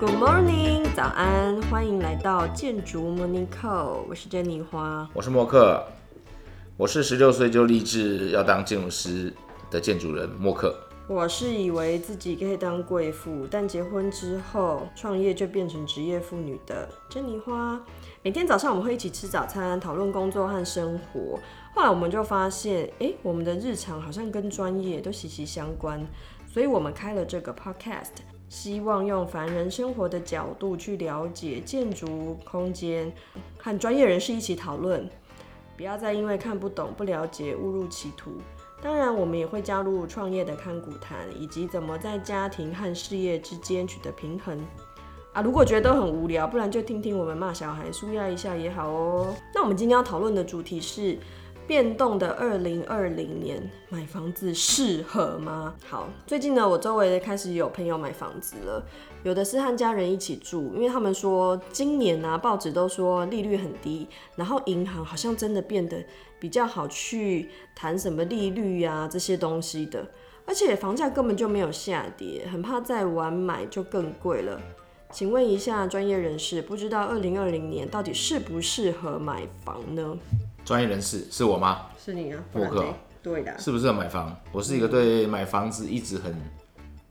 Good morning，早安，歡迎來到建築莫妮叩。我是珍妮花，我是莫克，我是十六歲就立志要當建築師的建築人，莫克。我是以為自己可以當貴婦，但結婚之後創業就變成職業婦女的珍妮花。每天早上我們會一起吃早餐，討論工作和生活。後來我們就發現，哎，我們的日常好像跟專業都息息相關，所以我們開了這個 Podcast。希望用凡人生活的角度去了解建築空間，和專業人士一起討論，不要再因為看不懂、不了解誤入歧途。當然，我們也會加入創業的甘苦談，以及怎麼在家庭和事業之間取得平衡。啊，如果覺得都很無聊，不然就聽聽我們罵小孩、舒壓一下也好哦。那我們今天要討論的主題是。變動的二零二零年買房子適合嗎？好，最近呢，我周圍開始有朋友買房子了，有的是和家人一起住，因為他們說今年啊，報紙都說利率很低，然後銀行好像真的變得比較好去談什麼利率呀這些東西的，而且房價根本就沒有下跌，很怕再晚買就更貴了。請問一下專業人士，不知道二零二零年到底適不適合買房呢？專業人士是我嗎？是你啊，Moek。對的、啊，是不是適合買房？我是一個對買房子一直很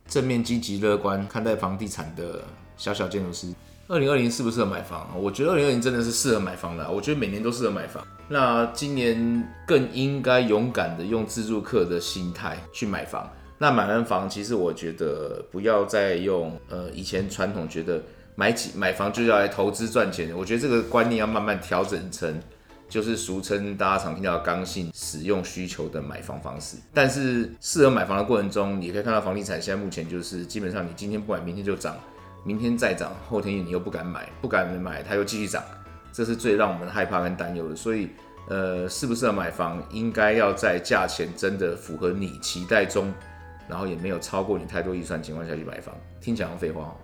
正面積極、積、嗯、極、樂觀看待房地產的小小建築師。二零二零是不是適合買房？我覺得二零二零真的是適合買房的。我覺得每年都適合買房。那今年更應該勇敢的用自住客的心態去買房。那買完房，其實我覺得不要再用呃以前傳統覺得買幾買房就要來投資賺錢。我覺得這個觀念要慢慢調整成。就是俗稱大家常聽到的剛性使用需求的買房方式，但是適合買房的過程中，你可以看到房地產現在目前就是基本上你今天不買，明天就漲，明天再漲，後天你又不敢買，不敢買，它又繼續漲，這是最讓我們害怕跟擔憂的。所以，呃，適不適合買房，應該要在價錢真的符合你期待中，然後也沒有超過你太多預算情況下去買房。聽起來好像廢話。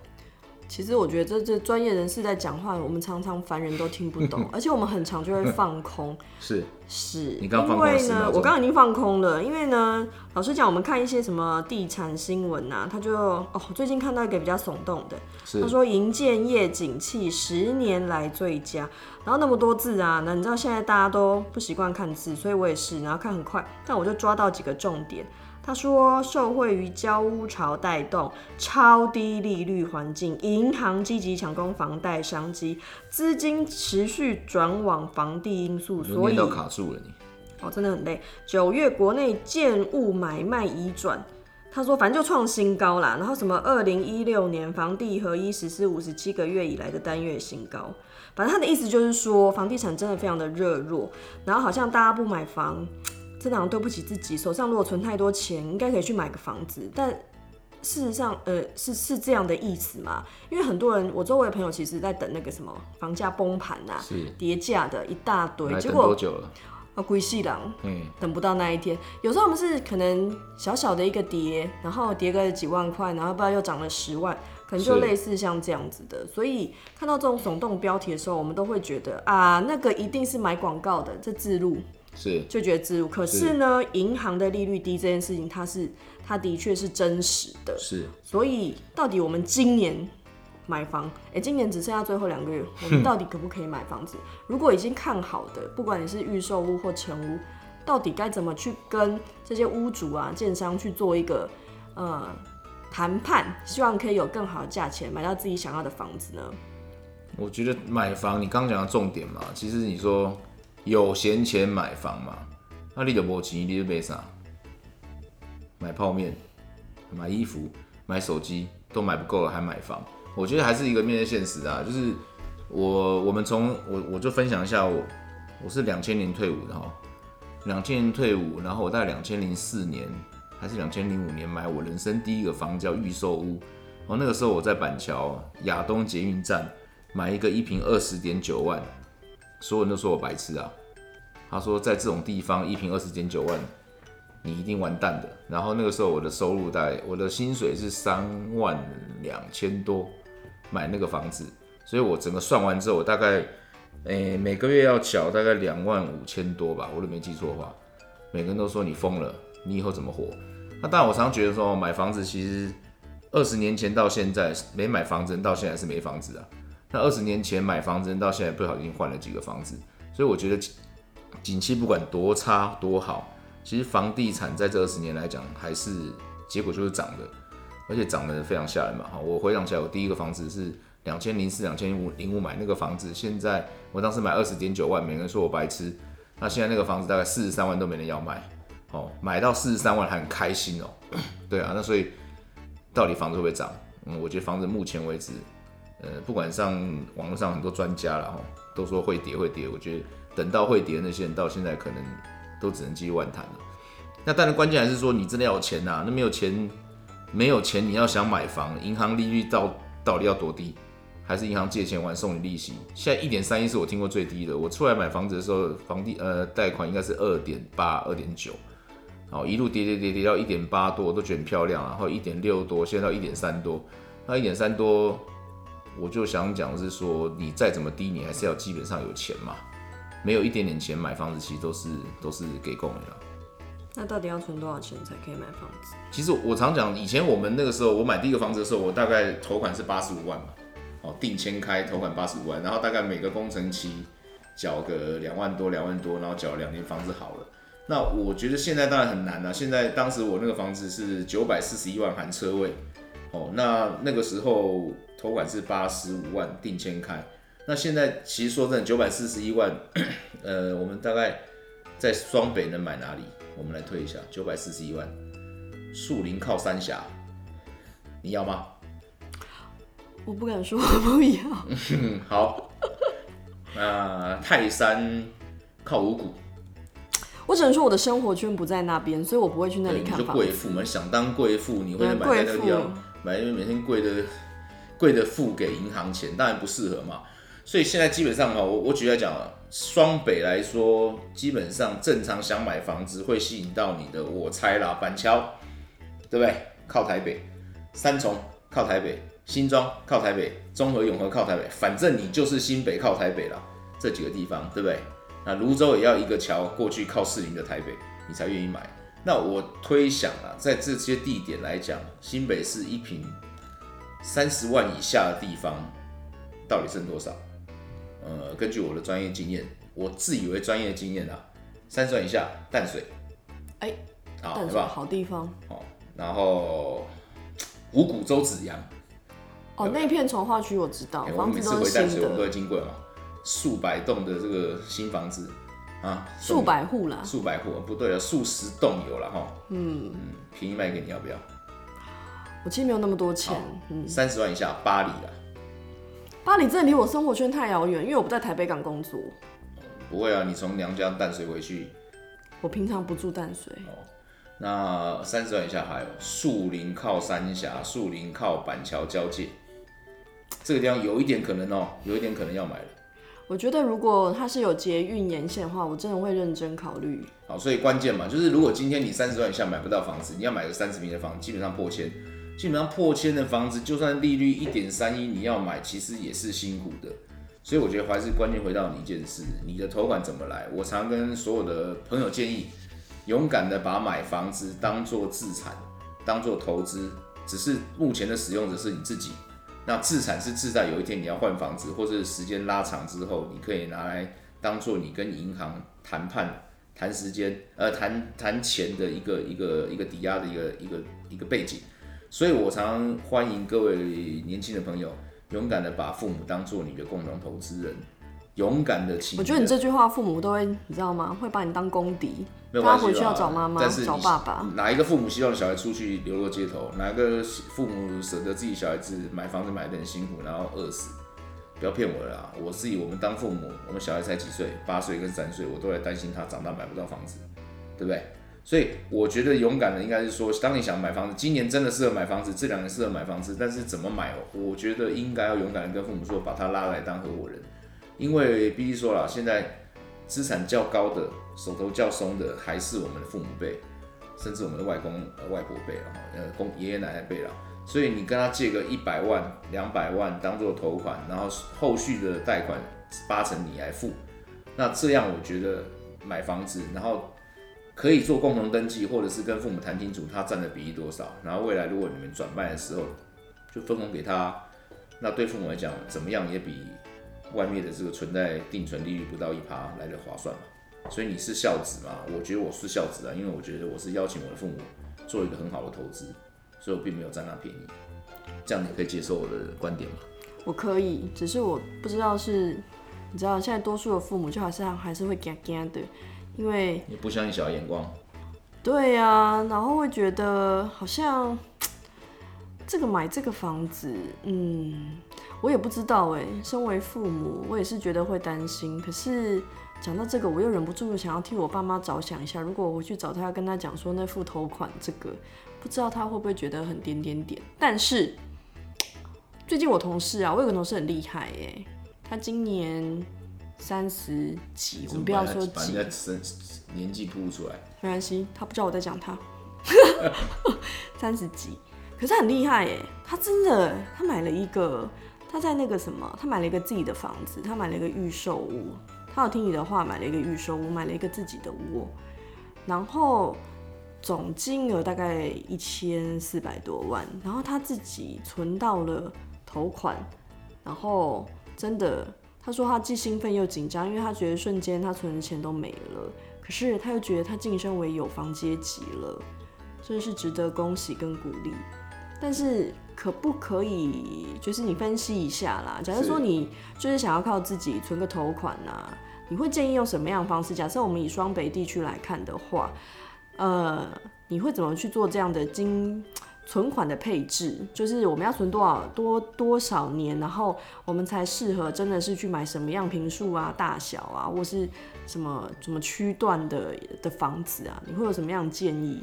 其實我覺得這這專業人士在講話，我們常常凡人都聽不懂， 而且我們很常就會放空，是 是，是剛剛因為呢，我剛剛已經放空了，因為呢，老實講，我們看一些什麼地產新聞啊，他就哦，最近看到一個比較聳動的，他說營建業景氣十年來最佳，然後那麼多字啊，那你知道現在大家都不習慣看字，所以我也是，然後看很快，但我就抓到幾個重點。他說，受惠於交屋潮帶動超低利率環境，銀行積極搶攻房貸商機，資金持續轉往房地因素，所以卡住了你。哦，真的很累。九月國內建物買賣移轉，他說反正就創新高啦。然後什麼二零一六年房地合一實施五十七個月以來的單月新高，反正他的意思就是說房地產真的非常的熱絡，然後好像大家不買房，這當然對不起自己。手上如果存太多錢，應該可以去買個房子。但事實上，呃，是是這樣的意思嘛？因為很多人，我周圍的朋友其實在等那個什麼房價崩盤啊、是跌價的一大堆。了結果啊，歸西囉，嗯，等不到那一天。有時候我們是可能小小的一個跌，然後跌個幾萬塊，然後不知道又漲了十萬，可能就類似像這樣子的。所以看到這種聳動標題的時候，我們都會覺得啊，那個一定是買廣告的。置入。是就覺得自如，可是呢，銀行的利率低這件事情，它是它的確是真實的。是，所以到底我們今年買房，誒、欸，今年只剩下最後兩個月，我們到底可不可以買房子？如果已經看好的，不管你是預售屋或成屋，到底該怎麼去跟這些屋主啊、建商去做一個呃談判，希望可以有更好的價錢買到自己想要的房子呢？我覺得買房，你剛講的重點嘛，其實你說。有閒錢買房嗎？那、啊、你有沒錢？你就買啥？買泡麵、買衣服、買手機都買不夠了，還買房？我覺得還是一個面對現實啊。就是我，我們從我，我就分享一下我，我我是兩千年退伍的哈，兩千年退伍，然後我在兩千零四年還是兩千零五年買我人生第一個房，叫預售屋。然後那個時候我在板橋亞東捷運站買一個一坪二十點九萬。所有人都說我白痴啊！他說，在這種地方一平二十點九萬，你一定完蛋的。然後那個時候我的收入大概我的薪水是三萬兩千多，買那個房子，所以我整個算完之後，我大概誒、欸、每個月要繳大概兩萬五千多吧，我都沒記錯的話。每個人都說你瘋了，你以後怎麼活、啊？那但我常常覺得說，買房子其實二十年前到現在沒買房子，到現在是沒房子啊。那二十年前買房子，到現在不小心換了幾個房子。所以我覺得，景氣不管多差多好，其實房地產在這二十年來講，還是結果就是漲的，而且漲得非常嚇人嘛。哈，我回想起來，我第一個房子是兩千零四、兩千零五買那個房子，現在我當時買二十點九萬，每個人說我白痴。那現在那個房子大概四十三萬都沒人要賣，哦，買到四十三萬還很開心哦、喔。對啊，那所以到底房子會不會漲？嗯，我覺得房子目前為止。嗯、不管上網絡上很多專家啦，都說會跌會跌，我覺得等到會跌的那些人到現在可能都只能繼續亂談了。那但是關鍵還是說你真的要有錢吶、啊，那沒有錢，沒有錢你要想買房，銀行利率到到底要多低？還是銀行借錢完送你利息？現在一點三一是我聽過最低的。我出來買房子的時候，房地呃貸款應該是二點八二點九，一路跌跌跌跌到一點八多，我都覺得漂亮，然後一點六多，現在到一點三多，那一點三多我就想講，是說你再怎麼低，你還是要基本上有錢嘛。沒有一點點錢買房子，其實都是都是給供的。那到底要存多少錢才可以買房子？其實我常講，以前我們那個時候，我買第一個房子的時候，我大概頭款是八十五萬嘛。哦，定簽開頭款八十五萬，然後大概每個工程期繳個兩萬多，兩萬多，然後繳兩年房子好了。那我覺得現在當然很難了啊。現在當時我那個房子是九百四十一萬含車位。哦，那那個時候。託管是八十五萬定千開，那現在其實說真的，九百四十一萬，呃，我們大概在雙北能買哪裡？我們來推一下，九百四十一萬，樹林靠三峽，你要嗎？我不敢說，我不要 好，那、 呃、泰山靠五股。我只能說我的生活圈不在那邊，所以我不會去那裡看就貴婦嘛，想當貴婦，你會買在那個地方，買因為每天貴的。貴的付給銀行錢，當然不適合嘛。所以現在基本上嘛，我我舉例來講，雙北來說，基本上正常想買房子會吸引到你的。我猜啦，板橋，對不對？靠台北，三重靠台北，新莊靠台北，中和永和靠台北，反正你就是新北靠台北啦。這幾個地方，對不對？那蘆洲也要一個橋過去靠四零的台北，你才願意買。那我推想啊，在這些地點來講，新北市一坪。三十萬以下的地方到底剩多少？呃，根據我的專業經驗，我自以為專業經驗啊，三十萬以下淡水，哎、欸，啊、哦，好地方，哦，然後五股洲子洋，哦，有有那片重劃區我知道，淡、欸、房子都是新的，數百棟的這個新房子啊，數百戶啦，數百戶不對了，數十棟有了哈、哦嗯，嗯，便宜賣給你要不要？我其實沒有那麼多錢，嗯、三十萬以下，八里啊，八里真的離我生活圈太遙遠，因為我不在台北港工作。哦、不會啊，你從娘家淡水回去。我平常不住淡水。哦、那三十萬以下還有樹林靠三峽，樹林靠板橋交界，這個地方有一點可能哦，有一點可能要買了。我覺得如果它是有捷運沿線的話，我真的會認真考慮。好，所以關鍵嘛，就是如果今天你三十萬以下買不到房子，你要買個三十坪的房子，基本上破千。基本上破千的房子，就算利率一點三一，你要買其實也是辛苦的。所以我覺得還是關鍵回到你一件事：你的頭款怎麼來？我常跟所有的朋友建議，勇敢的把買房子當做資產，當做投資。只是目前的使用者是你自己。那資產是自在有一天你要換房子，或是時間拉長之後，你可以拿來當做你跟銀行談判談時間，呃，談談錢的一個一個一個抵押的一個一個一個，一個背景。所以，我常常歡迎各位年輕的朋友，勇敢的把父母當做你的共同投資人，勇敢的去。我覺得你這句話，父母都會，你知道嗎？會把你當公敵。沒有關係啦，他回去要找媽媽，但是找爸爸，哪一個父母希望小孩出去流落街頭？哪一個父母捨得自己小孩子買房子買得很辛苦，然後餓死？不要騙我了啦！我是以我們當父母，我們小孩才幾歲，八歲跟三歲，我都在擔心他長大買不到房子，對不對？所以我覺得勇敢的應該是說，當你想買房子，今年真的適合買房子，這兩年適合買房子，但是怎麼買哦？我覺得應該要勇敢的跟父母說，把他拉來當合夥人，因為必須說了，現在資產較高的、手頭較鬆的還是我們的父母輩，甚至我們的外公、呃、外婆輩了，呃，公爺爺奶奶輩了。所以你跟他借個一百萬、兩百萬當做頭款，然後後續的貸款八成你來付，那這樣我覺得買房子，然後。可以做共同登記，或者是跟父母談清楚他佔的比例多少，然後未來如果你們轉賣的時候就分紅給他，那對父母來講怎麼樣也比外面的這個存在定存利率不到一趴來的划算嘛。所以你是孝子嘛？我覺得我是孝子啊，因為我覺得我是邀請我的父母做一個很好的投資，所以我並沒有佔那便宜。這樣你可以接受我的觀點嗎？我可以，只是我不知道是，你知道現在多數的父母就好像還是會驚驚的。因為你不相信小孩眼光，對呀，然後會覺得好像這個買這個房子，嗯，我也不知道欸。身為父母，我也是覺得會擔心。可是講到這個，我又忍不住想要替我爸媽着想一下。如果我回去找他，跟他講說那付頭款這個，不知道他會不會覺得很點點點。但是最近我同事啊，我有個同事很厲害欸，他今年。三十幾，我們不要說幾，年紀吐出來沒關係。他不知道我在講他，三十幾，可是很厲害耶。他真的，他買了一個，他在那個什麼，他買了一個自己的房子，他買了一個預售屋，他有聽你的話買了一個預售屋，買了一個自己的屋。然後總金額大概一千四百多萬，然後他自己存到了頭款，然後真的。他說他既興奮又緊張，因為他覺得瞬間他存的錢都沒了，可是他又覺得他晉升為有房階級了，真是值得恭喜跟鼓勵。但是可不可以，就是你分析一下啦。假如說你就是想要靠自己存個頭款呢、啊，你會建議用什麼樣的方式？假設我們以雙北地區來看的話，呃，你會怎麼去做這樣的經？存款的配置就是我們要存多少、多多少年，然後我們才適合真的是去買什麼樣坪數啊、大小啊，或是什麼什麼區段的的房子啊？你會有什麼樣的建議？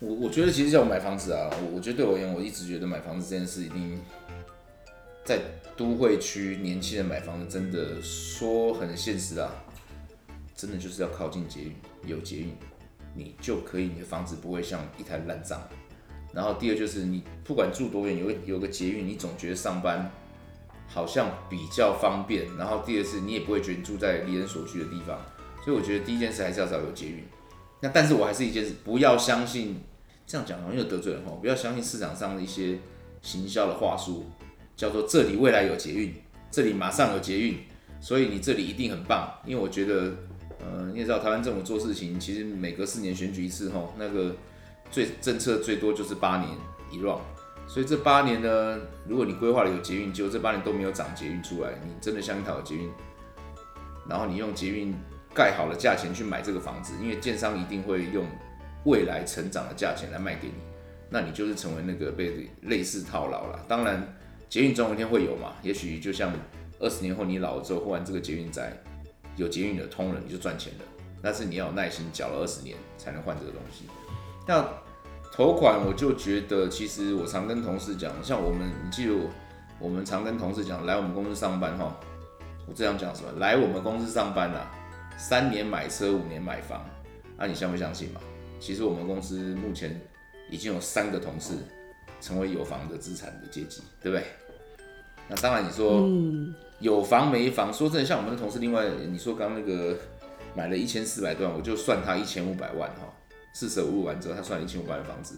我我覺得其實叫我買房子啊，我覺得對我而言，我一直覺得買房子這件事一定在都會區。年輕人買房子真的說很現實啊，真的就是要靠近捷運，有捷運，你就可以，你的房子不會像一台爛賬。然後第二就是你不管住多遠，有個有個捷運，你總覺得上班好像比較方便。然後第二是，你也不會覺得住在離人所需的地方。所以我覺得第一件事還是要找有捷運。那但是我還是一件事，不要相信，這樣講容易得罪人哈，不要相信市場上的一些行銷的話術，叫做這裡未來有捷運，這裡馬上有捷運，所以你這裡一定很棒。因為我覺得，嗯、呃，你也知道台灣政府做事情，其實每隔四年選舉一次後那個。最政策最多就是八年一 round，所以這八年呢，如果你規劃了有捷運，結果這八年都沒有漲捷運出來，你真的想套捷運，然後你用捷運蓋好了價錢去買這個房子，因為建商一定會用未來成長的價錢來賣給你，那你就是成為那個被類似套牢了。當然，捷運總有一天會有嘛，也許就像二十年後你老了之後，換完這個捷運宅，有捷運的通了，你就賺錢了。但是你要有耐心，繳了二十年才能換這個東西。那頭款我就覺得，其實我常跟同事講，像我們，你記住，我們常跟同事講，來我們公司上班，我這樣講什麼？來我們公司上班啊，三年買車，五年買房，那、啊、你相不相信嘛？其實我們公司目前已經有三個同事成為有房的資產的階級，對不對？那當然你說，嗯、有房沒房，說真的，像我們的同事，另外你說剛剛那個買了一千四百多萬，我就算他一千五百萬四捨五入完之後，他算了一千五百萬的房子，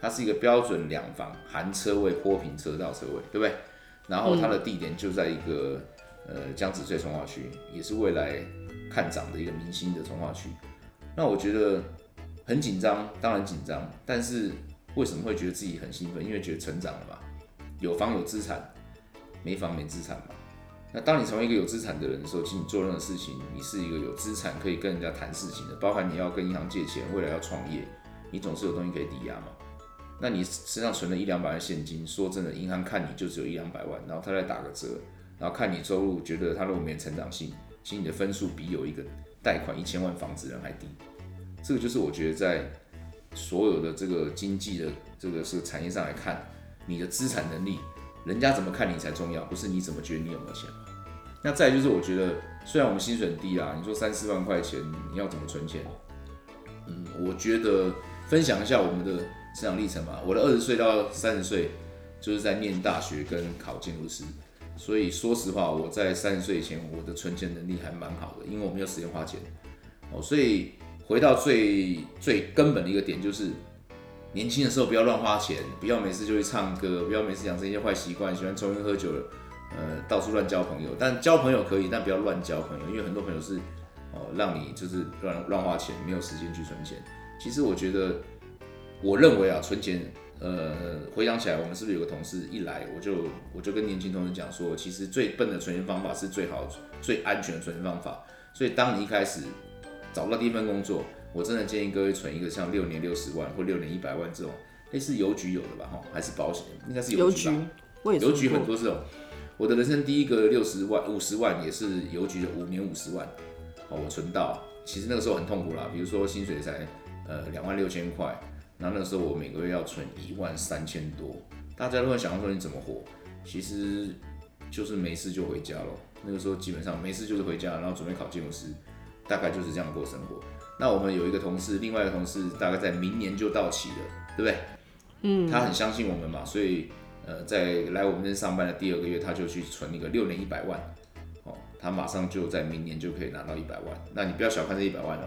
它是一個標準兩房，含車位、坡平、車道、車位，對不對？然後它的地點就在一個、嗯、呃江子翠重劃區，也是未來看漲的一個明星的重劃區。那我覺得很緊張，當然緊張，但是為什麼會覺得自己很興奮？因為覺得成長了嘛，有房有資產，沒房沒資產嘛。那當你成為一個有資產的人的時候，其實你做任何事情，你是一個有資產可以跟人家談事情的，包含你要跟銀行借錢，未來要創業，你總是有東西可以抵押嘛。那你身上存了一兩百萬現金，說真的，銀行看你就只有一兩百萬，然後他再打個折，然後看你收入，覺得他如果沒有成長性，其實你的分數比有一個貸款一千萬房子人還低。這個就是我覺得在所有的這個經濟的這個是產業上來看，你的資產能力。人家怎麼看你才重要，不是你怎麼覺得你有沒有錢。那再就是，我覺得雖然我們薪水很低啦，啊，你說三四萬塊錢，你要怎麼存錢？嗯，我覺得分享一下我們的成長歷程吧。我的二十歲到三十歲，就是在念大學跟考建築師，所以說實話，我在三十歲以前，我的存錢能力還蠻好的，因為我沒有時間花錢。哦，所以回到最最根本的一個點就是。年輕的時候不要亂花錢，不要每次就去唱歌，不要每次養成一些壞習慣，喜歡抽煙喝酒，呃，到處亂交朋友。但交朋友可以，但不要亂交朋友，因為很多朋友是，哦、呃，讓你就是亂亂花錢，沒有時間去存錢。其實我覺得，我認為啊，存錢，呃，回想起來，我們是不是有個同事一來，我就我就跟年輕同事講說，其實最笨的存錢方法是最好，最安全的存錢方法。所以當你一開始找不到第一份工作。我真的建議各位存一個像六年六十萬或六年一百萬這種類似、欸、是郵局有的吧，哈，還是保險，應該是郵局吧。郵局,郵局很多這種。我的人生第一個六十萬、五十萬也是郵局的，五年五十萬，好，我存到。其實那個時候很痛苦啦。比如說薪水才呃兩萬六千塊，然後那個時候我每個月要存一萬三千多。大家都會想到說你怎麼活？其實就是沒事就回家嘍。那個時候基本上沒事就是回家，然後準備考建築師，大概就是這樣過生活。那我們有一個同事，另外一個同事大概在明年就到期了，對不對？嗯，他很相信我們嘛，所以呃，在來我們這上班的第二個月，他就去存那個六年一百萬，哦，他馬上就在明年就可以拿到一百萬。那你不要小看這一百萬哦，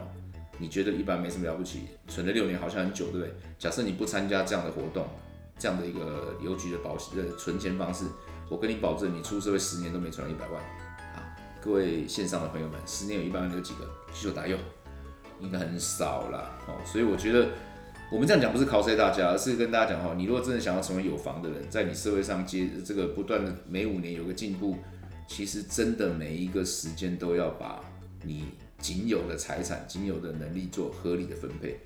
你覺得一般沒什麼了不起，存了六年好像很久，對不對？假設你不參加這樣的活動，這樣的一個郵局的保呃，存錢方式，我跟你保證，你出社會十年都沒存到一百萬啊！各位線上的朋友們，十年有一百萬有幾個？繼續打右。應該很少啦，哦，所以我覺得我們這樣講不是靠 o 大家，而是跟大家講哈，你如果真的想要成為有房的人，在你社會上接這個不斷的每五年有個進步，其實真的每一個時間都要把你僅有的財產、僅有的能力做合理的分配，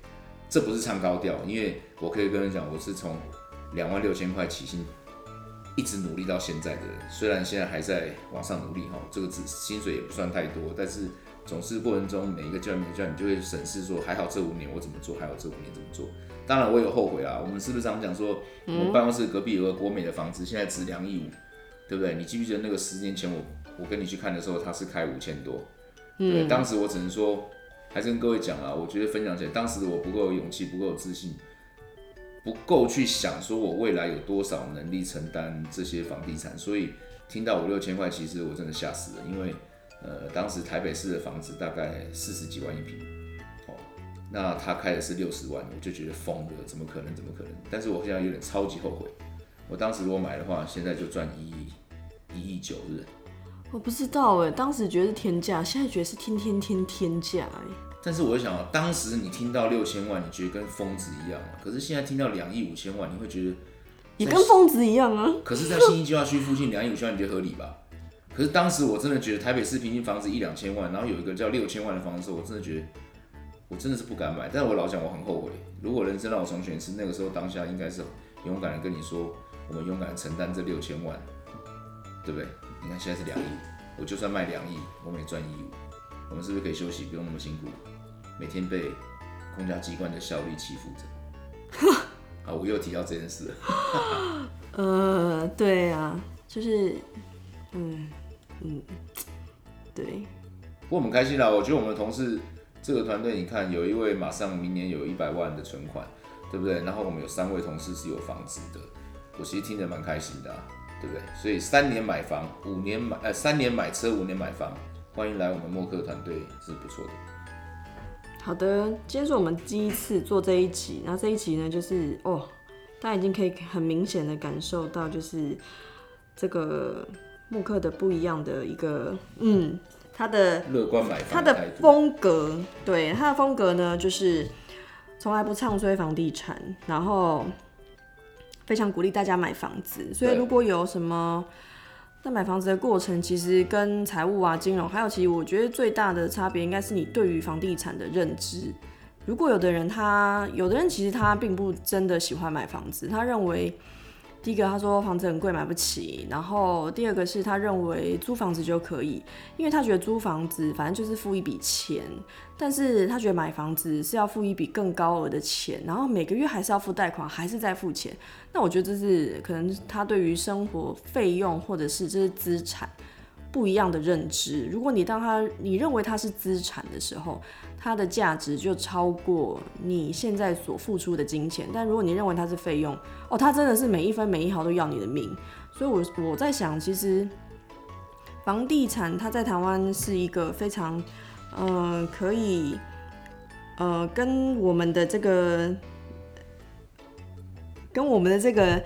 這不是唱高調，因為我可以跟你講，我是從兩萬六千塊起薪，一直努力到現在的人，雖然現在還在往上努力哈，這個薪水也不算太多，但是.總是過程中每一個階段、每個階段，你就會審視說：還好這五年我怎麼做，還好這五年怎麼做。當然我也有後悔啊。我們是不是常講說，我、嗯、們辦公室隔壁有個國美的房子，現在值兩億五，對不對？你記不記得那個十年前我我跟你去看的時候，他是開五千多，對不對、嗯？當時我只能說，還是跟各位講啊，我覺得分享起來，當時我不夠有勇氣，不夠有自信，不夠去想說我未來有多少能力承擔這些房地產。所以聽到五六千塊，其實我真的嚇死了，因為。呃，當時台北市的房子大概四十幾萬一平，哦，那他開的是六十萬，我就覺得瘋了，怎麼可能？怎麼可能？但是我現在有點超級後悔，我當時如果買的話，現在就賺一億，一億九日。我不知道哎、欸，當時覺得是天價，現在覺得是天天天天價哎、欸。但是我想當時你聽到六千萬，你覺得跟瘋子一樣、啊、可是現在聽到兩億五千萬，你會覺得也跟瘋子一樣啊。可是，在信義計畫區附近兩億五千萬，你覺得合理吧。可是當時我真的覺得台北市平均房子一兩千萬，然後有一個叫六千萬的房子，我真的覺得我真的是不敢買。但是我老想我很後悔，如果人生讓我重選是那個時候當下應該是勇敢的跟你說，我們勇敢的承擔這六千萬，對不對？你看現在是兩億，我就算賣兩億，我們也賺一億，我們是不是可以休息，不用那麼辛苦，每天被公家機關的效率欺負着？啊， 我又提到這件事了。嗯、 呃，對啊，就是，嗯。嗯，對，我很開心啦、啊！我覺得我們同事這個團隊，你看有一位馬上明年有一百萬的存款，對不對？然後我們有三位同事是有房子的，我其實聽得蠻開心的、啊，對不對？所以三年買房，五年買呃、哎、三年買車，五年買房，歡迎來我們默克團隊是不錯的。好的，今天是我們第一次做這一集，那這一集呢，就是哦，大家已經可以很明顯的感受到，就是這個。木克的不一樣的一個，嗯，他的樂觀買房、他的風格，對他的風格呢，就是從來不唱衰房地產，然後非常鼓勵大家買房子。所以如果有什麼在買房子的過程，其實跟財務啊、金融，還有其實我覺得最大的差別應該是你對於房地產的認知。如果有的人，他有的人其實他並不真的喜歡買房子，他認為。第一個，他說房子很貴，買不起。然後第二個是，他認為租房子就可以，因為他覺得租房子反正就是付一筆錢。但是他覺得買房子是要付一筆更高額的錢，然後每個月還是要付貸款，還是在付錢。那我覺得這是可能他對於生活費用，或者是這是資產。不一樣的認知。如果你當他，你認為它是資產的時候，它的價值就超過你現在所付出的金錢。但如果你認為它是費用，哦，它真的是每一分每一毫都要你的命。所以我，我我在想，其實房地產它在台灣是一個非常，呃，可以，呃，跟我們的這個，跟我們的這個。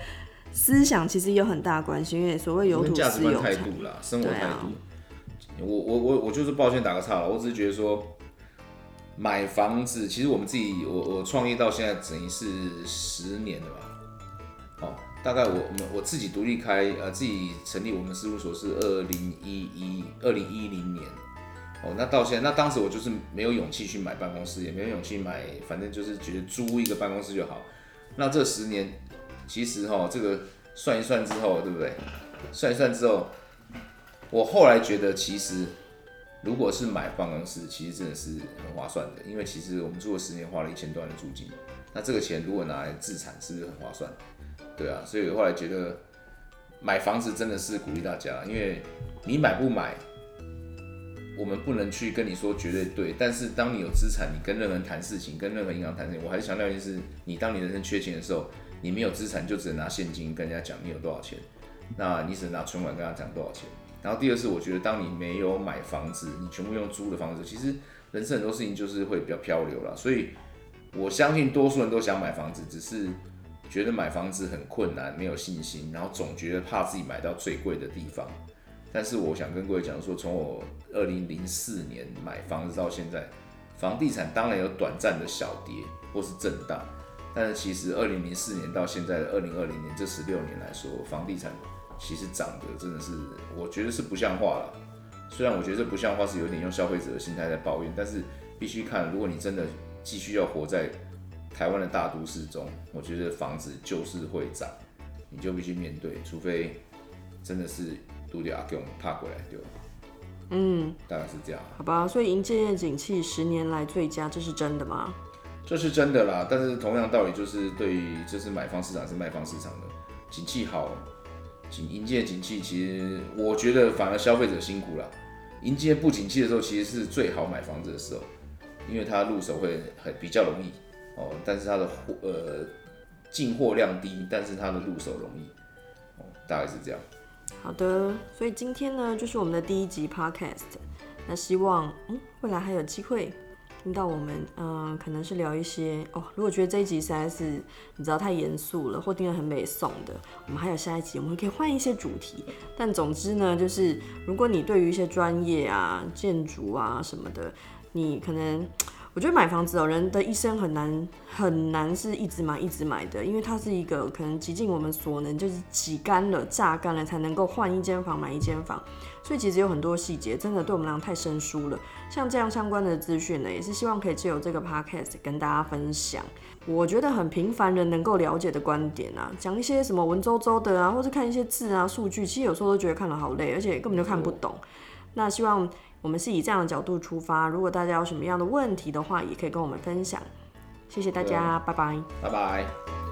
思想其實有很大關係，因為所謂有價值觀、態度啦，生活態度。我、我、我、我、我就是抱歉打個岔了，我只是覺得說，買房子其實我們自己，我、我創業到現在整是十年了吧、哦。大概我、我、我自己獨立開，呃，自己成立我們事務所是二零一一二零一零年。哦，那到現在，那當時我就是沒有勇氣去買辦公室，也沒有勇氣買，反正就是覺得租一個辦公室就好。那這十年。其實哈，這個算一算之後，對不對？算一算之後，我後來覺得，其實如果是買辦公室，其實真的是很划算的。因為其實我們住了十年，花了一千多萬的租金，那這個錢如果拿來置產，是不是很划算？對啊，所以我後來覺得買房子真的是鼓勵大家，因為你買不買，我們不能去跟你說絕對對。但是當你有資產，你跟任何人談事情，跟任何銀行談事情，我還是強調一件事：你當你的人生缺錢的時候。你沒有資產，就只能拿現金跟人家講你有多少錢，那你只能拿存款跟他講多少錢。然後第二是，我覺得當你沒有買房子，你全部用租的房子，其實人生很多事情就是會比較漂流啦。所以我相信多數人都想買房子，只是覺得買房子很困難，沒有信心，然後總覺得怕自己買到最貴的地方。但是我想跟各位講說，從我二零零四年買房子到現在，房地產當然有短暫的小跌或是震盪。但是其實二零零四年到現在的二零二零年這十六年來說，房地產其實漲得真的是，我覺得是不像話了。雖然我覺得這不像話是有點用消費者的心態在抱怨，但是必須看，如果你真的繼續要活在台灣的大都市中，我覺得房子就是會漲，你就必須面對。除非真的是獨給阿們怕過來丟。嗯，當然是這樣，好吧，所以營建業景氣十年來最佳，這是真的嗎？這、就是真的啦，但是同樣道理就是，對於就是買方市場是賣方市場的景氣，景氣好，迎迎接景氣，其實我覺得反而消費者辛苦啦。迎接不景氣的時候，其實是最好買房子的時候，因為它入手會很比較容易哦。但是它的貨呃進貨量低，但是它的入手容易、哦、大概是這樣。好的，所以今天呢，就是我們的第一集 Podcast，那希望嗯未來還有機會。聽到我們，嗯，可能是聊一些哦。如果覺得這一集實在是你知道太嚴肅了，或聽了很美的，我們還有下一集，我們可以換一些主題。但總之呢，就是如果你對於一些專業啊、建築啊什麼的，你可能。我覺得買房子喔，人的一生很難很難是一直買一直買的，因為它是一個可能極盡我們所能，就是擠乾了、榨乾了才能夠換一間房、買一間房。所以其實有很多細節真的對我們來講太生疏了。像這樣相關的資訊呢，也是希望可以借由這個 Podcast 跟大家分享。我覺得很平凡人能夠了解的觀點啊，講一些什麼文縐縐的啊，或是看一些字啊、數據，其實有時候都覺得看了好累，而且根本就看不懂。那希望。我們是以這樣的角度出發，如果大家有什麼樣的問題的話，也可以跟我們分享。謝謝大家，Okay. 拜拜，拜拜。